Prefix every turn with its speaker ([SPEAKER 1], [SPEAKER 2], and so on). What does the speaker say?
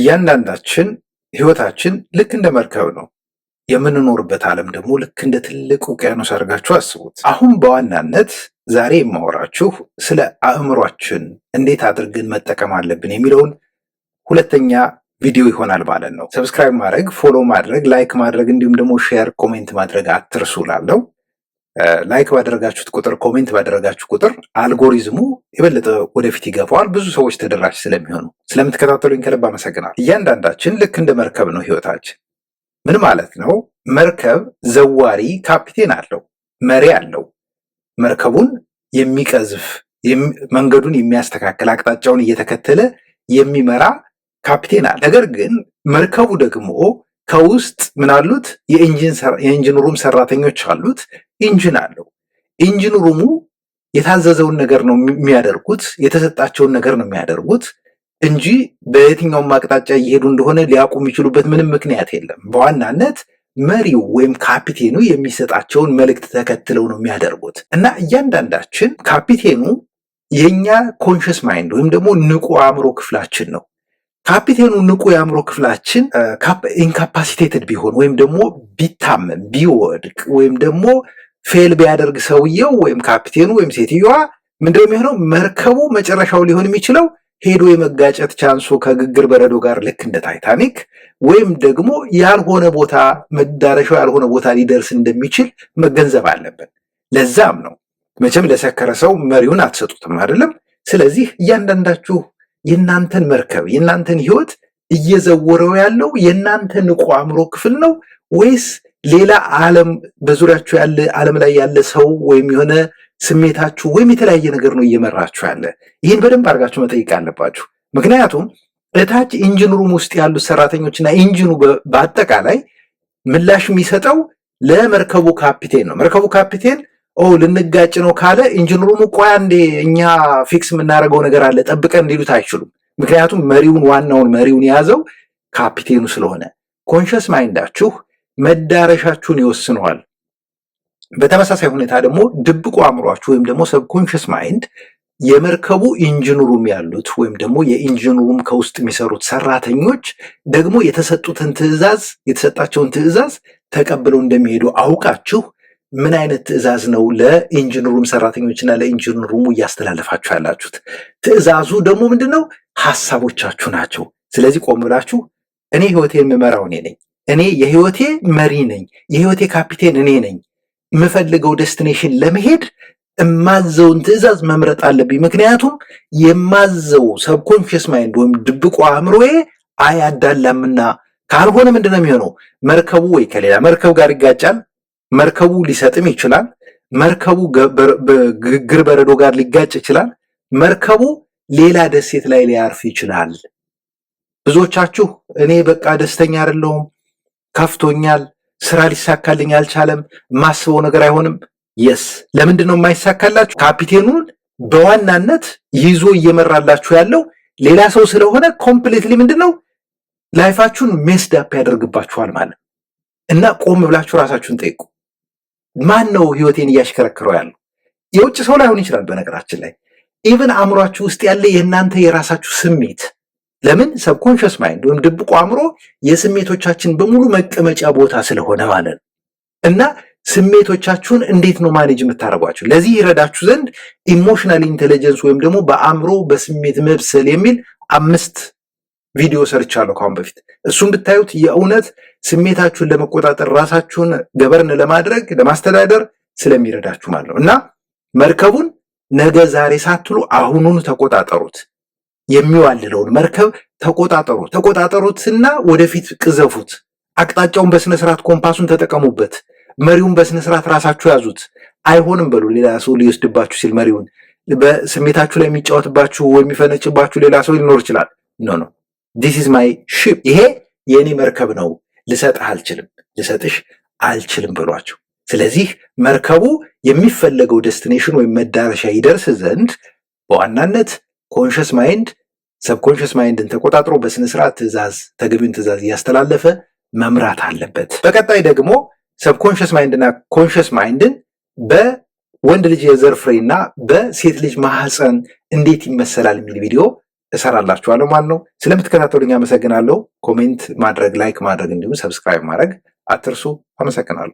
[SPEAKER 1] እያንዳንዳችን ህይወታችን ልክ እንደ መርከብ ነው። የምንኖርበት ዓለም ደግሞ ልክ እንደ ትልቅ ውቅያኖስ አድርጋችሁ አስቡት። አሁን በዋናነት ዛሬ የማወራችሁ ስለ አእምሯችን እንዴት አድርገን መጠቀም አለብን የሚለውን ሁለተኛ ቪዲዮ ይሆናል ማለት ነው። ሰብስክራይብ ማድረግ፣ ፎሎ ማድረግ፣ ላይክ ማድረግ እንዲሁም ደግሞ ሼር፣ ኮሜንት ማድረግ አትርሱ ላይክ ባደረጋችሁት ቁጥር ኮሜንት ባደረጋችሁ ቁጥር አልጎሪዝሙ የበለጠ ወደፊት ይገፋዋል፣ ብዙ ሰዎች ተደራሽ ስለሚሆኑ። ስለምትከታተሉኝ ከልብ አመሰግናል። እያንዳንዳችን ልክ እንደ መርከብ ነው ህይወታችን። ምን ማለት ነው? መርከብ ዘዋሪ ካፒቴን አለው፣ መሪ አለው። መርከቡን የሚቀዝፍ መንገዱን የሚያስተካክል አቅጣጫውን እየተከተለ የሚመራ ካፒቴን አለ። ነገር ግን መርከቡ ደግሞ ከውስጥ ምን አሉት? የኢንጂን ሩም ሰራተኞች አሉት። ኢንጂን አለው። ኢንጂን ሩሙ የታዘዘውን ነገር ነው የሚያደርጉት፣ የተሰጣቸውን ነገር ነው የሚያደርጉት እንጂ በየትኛውም አቅጣጫ እየሄዱ እንደሆነ ሊያውቁ የሚችሉበት ምንም ምክንያት የለም። በዋናነት መሪው ወይም ካፒቴኑ የሚሰጣቸውን መልእክት ተከትለው ነው የሚያደርጉት እና እያንዳንዳችን ካፒቴኑ የእኛ ኮንሽስ ማይንድ ወይም ደግሞ ንቁ አእምሮ ክፍላችን ነው። ካፒቴኑ ንቁ የአእምሮ ክፍላችን ኢንካፓሲቴትድ ቢሆን ወይም ደግሞ ቢታመም ቢወድቅ ወይም ደግሞ ፌል ቢያደርግ ሰውየው ወይም ካፒቴኑ ወይም ሴትዮዋ ምንድነው የሚሆነው? መርከቡ መጨረሻው ሊሆን የሚችለው ሄዶ የመጋጨት ቻንሱ ከግግር በረዶ ጋር ልክ እንደ ታይታኒክ ወይም ደግሞ ያልሆነ ቦታ መዳረሻው ያልሆነ ቦታ ሊደርስ እንደሚችል መገንዘብ አለብን። ለዛም ነው መቼም ለሰከረ ሰው መሪውን አትሰጡትም አይደለም። ስለዚህ እያንዳንዳችሁ የእናንተን መርከብ የእናንተን ህይወት እየዘወረው ያለው የእናንተ ንቁ አእምሮ ክፍል ነው ወይስ ሌላ ዓለም በዙሪያችሁ ያለ ዓለም ላይ ያለ ሰው ወይም የሆነ ስሜታችሁ ወይም የተለያየ ነገር ነው እየመራችሁ ያለ? ይህን በደንብ አድርጋችሁ መጠየቅ አለባችሁ። ምክንያቱም እታች ኢንጂን ሩም ውስጥ ያሉት ሰራተኞችና ኢንጂኑ በአጠቃላይ ምላሽ የሚሰጠው ለመርከቡ ካፒቴን ነው። መርከቡ ካፒቴን ልንጋጭ ነው ካለ ኢንጂነሩም ቆይ አንዴ እኛ ፊክስ የምናደርገው ነገር አለ ጠብቀን እንዲሉት አይችሉም። ምክንያቱም መሪውን ዋናውን መሪውን የያዘው ካፒቴኑ ስለሆነ ኮንሽስ ማይንዳችሁ መዳረሻችሁን ይወስነዋል። በተመሳሳይ ሁኔታ ደግሞ ድብቁ አእምሯችሁ ወይም ደግሞ ሰብኮንሽስ ማይንድ የመርከቡ ኢንጂነሩም ያሉት ወይም ደግሞ የኢንጂነሩም ከውስጥ የሚሰሩት ሰራተኞች ደግሞ የተሰጡትን ትዕዛዝ የተሰጣቸውን ትዕዛዝ ተቀብለው እንደሚሄዱ አውቃችሁ ምን አይነት ትዕዛዝ ነው ለኢንጂነሩም ሰራተኞችና ለኢንጂነሩም እያስተላለፋችሁ ያላችሁት? ትዕዛዙ ደግሞ ምንድን ነው? ሀሳቦቻችሁ ናቸው። ስለዚህ ቆም ብላችሁ እኔ ህይወቴ የምመራው እኔ ነኝ፣ እኔ የህይወቴ መሪ ነኝ፣ የህይወቴ ካፒቴን እኔ ነኝ፣ የምፈልገው ዴስቲኔሽን ለመሄድ የማዘውን ትዕዛዝ መምረጥ አለብኝ። ምክንያቱም የማዘው ሰብኮንሽስ ማይንድ ወይም ድብቁ አእምሮዬ አያዳላምና ካልሆነ ምንድነው የሚሆነው? መርከቡ ወይ ከሌላ መርከብ ጋር ይጋጫል መርከቡ ሊሰጥም ይችላል። መርከቡ ግግር በረዶ ጋር ሊጋጭ ይችላል። መርከቡ ሌላ ደሴት ላይ ሊያርፍ ይችላል። ብዙዎቻችሁ እኔ በቃ ደስተኛ አይደለሁም፣ ከፍቶኛል፣ ስራ ሊሳካልኝ አልቻለም፣ የማስበው ነገር አይሆንም። የስ ለምንድን ነው የማይሳካላችሁ? ካፒቴኑን በዋናነት ይዞ እየመራላችሁ ያለው ሌላ ሰው ስለሆነ ኮምፕሊትሊ ምንድን ነው ላይፋችሁን ሜስዳፕ ያደርግባችኋል ማለት እና ቆም ብላችሁ ራሳችሁን ጠይቁ። ማን ነው ህይወቴን እያሽከረክረው ያለው? የውጭ ሰው ላይሆን ይችላል። በነገራችን ላይ ኢቭን አእምሯችሁ ውስጥ ያለ የእናንተ የራሳችሁ ስሜት ለምን ሰብኮንሽስ ማይንድ ወይም ድብቁ አእምሮ የስሜቶቻችን በሙሉ መቀመጫ ቦታ ስለሆነ ማለት ነው። እና ስሜቶቻችሁን እንዴት ነው ማኔጅ የምታደርጓቸው? ለዚህ ይረዳችሁ ዘንድ ኢሞሽናል ኢንቴሊጀንስ ወይም ደግሞ በአእምሮ በስሜት መብሰል የሚል አምስት ቪዲዮ ሰርቻለሁ ከአሁን በፊት። እሱን ብታዩት የእውነት ስሜታችሁን ለመቆጣጠር ራሳችሁን ገበርን ለማድረግ ለማስተዳደር ስለሚረዳችሁ ማለት ነው። እና መርከቡን ነገ ዛሬ ሳትሉ አሁኑን ተቆጣጠሩት። የሚዋልለውን መርከብ ተቆጣጠሩ ተቆጣጠሩትና ወደፊት ቅዘፉት። አቅጣጫውን በስነስርዓት ኮምፓሱን ተጠቀሙበት። መሪውን በስነስርዓት ራሳችሁ ያዙት። አይሆንም በሉ ሌላ ሰው ሊወስድባችሁ ሲል መሪውን በስሜታችሁ ላይ የሚጫወትባችሁ የሚፈነጭባችሁ ሌላ ሰው ሊኖር ይችላል። ኖ ነው ዲስ ኢዝ ማይ ሺፕ፣ ይሄ የእኔ መርከብ ነው፣ ልሰጥህ አልችልም፣ ልሰጥሽ አልችልም ብሏቸው። ስለዚህ መርከቡ የሚፈለገው ደስቲኔሽን ወይም መዳረሻ ይደርስ ዘንድ በዋናነት ኮንሽስ ማይንድ ሰብኮንሽስ ማይንድን ተቆጣጥሮ በስነስርዓት ትእዛዝ፣ ተገቢውን ትእዛዝ እያስተላለፈ መምራት አለበት። በቀጣይ ደግሞ ሰብኮንሽስ ማይንድና ኮንሽስ ማይንድን በወንድ ልጅ የዘር ፍሬና በሴት ልጅ ማህፀን እንዴት ይመሰላል የሚል ቪዲዮ እሰራላችኋለሁ ማለት ነው። ስለምትከታተሉኝ አመሰግናለሁ። ኮሜንት ማድረግ፣ ላይክ ማድረግ እንዲሁም ሰብስክራይብ ማድረግ አትርሱ። አመሰግናለሁ።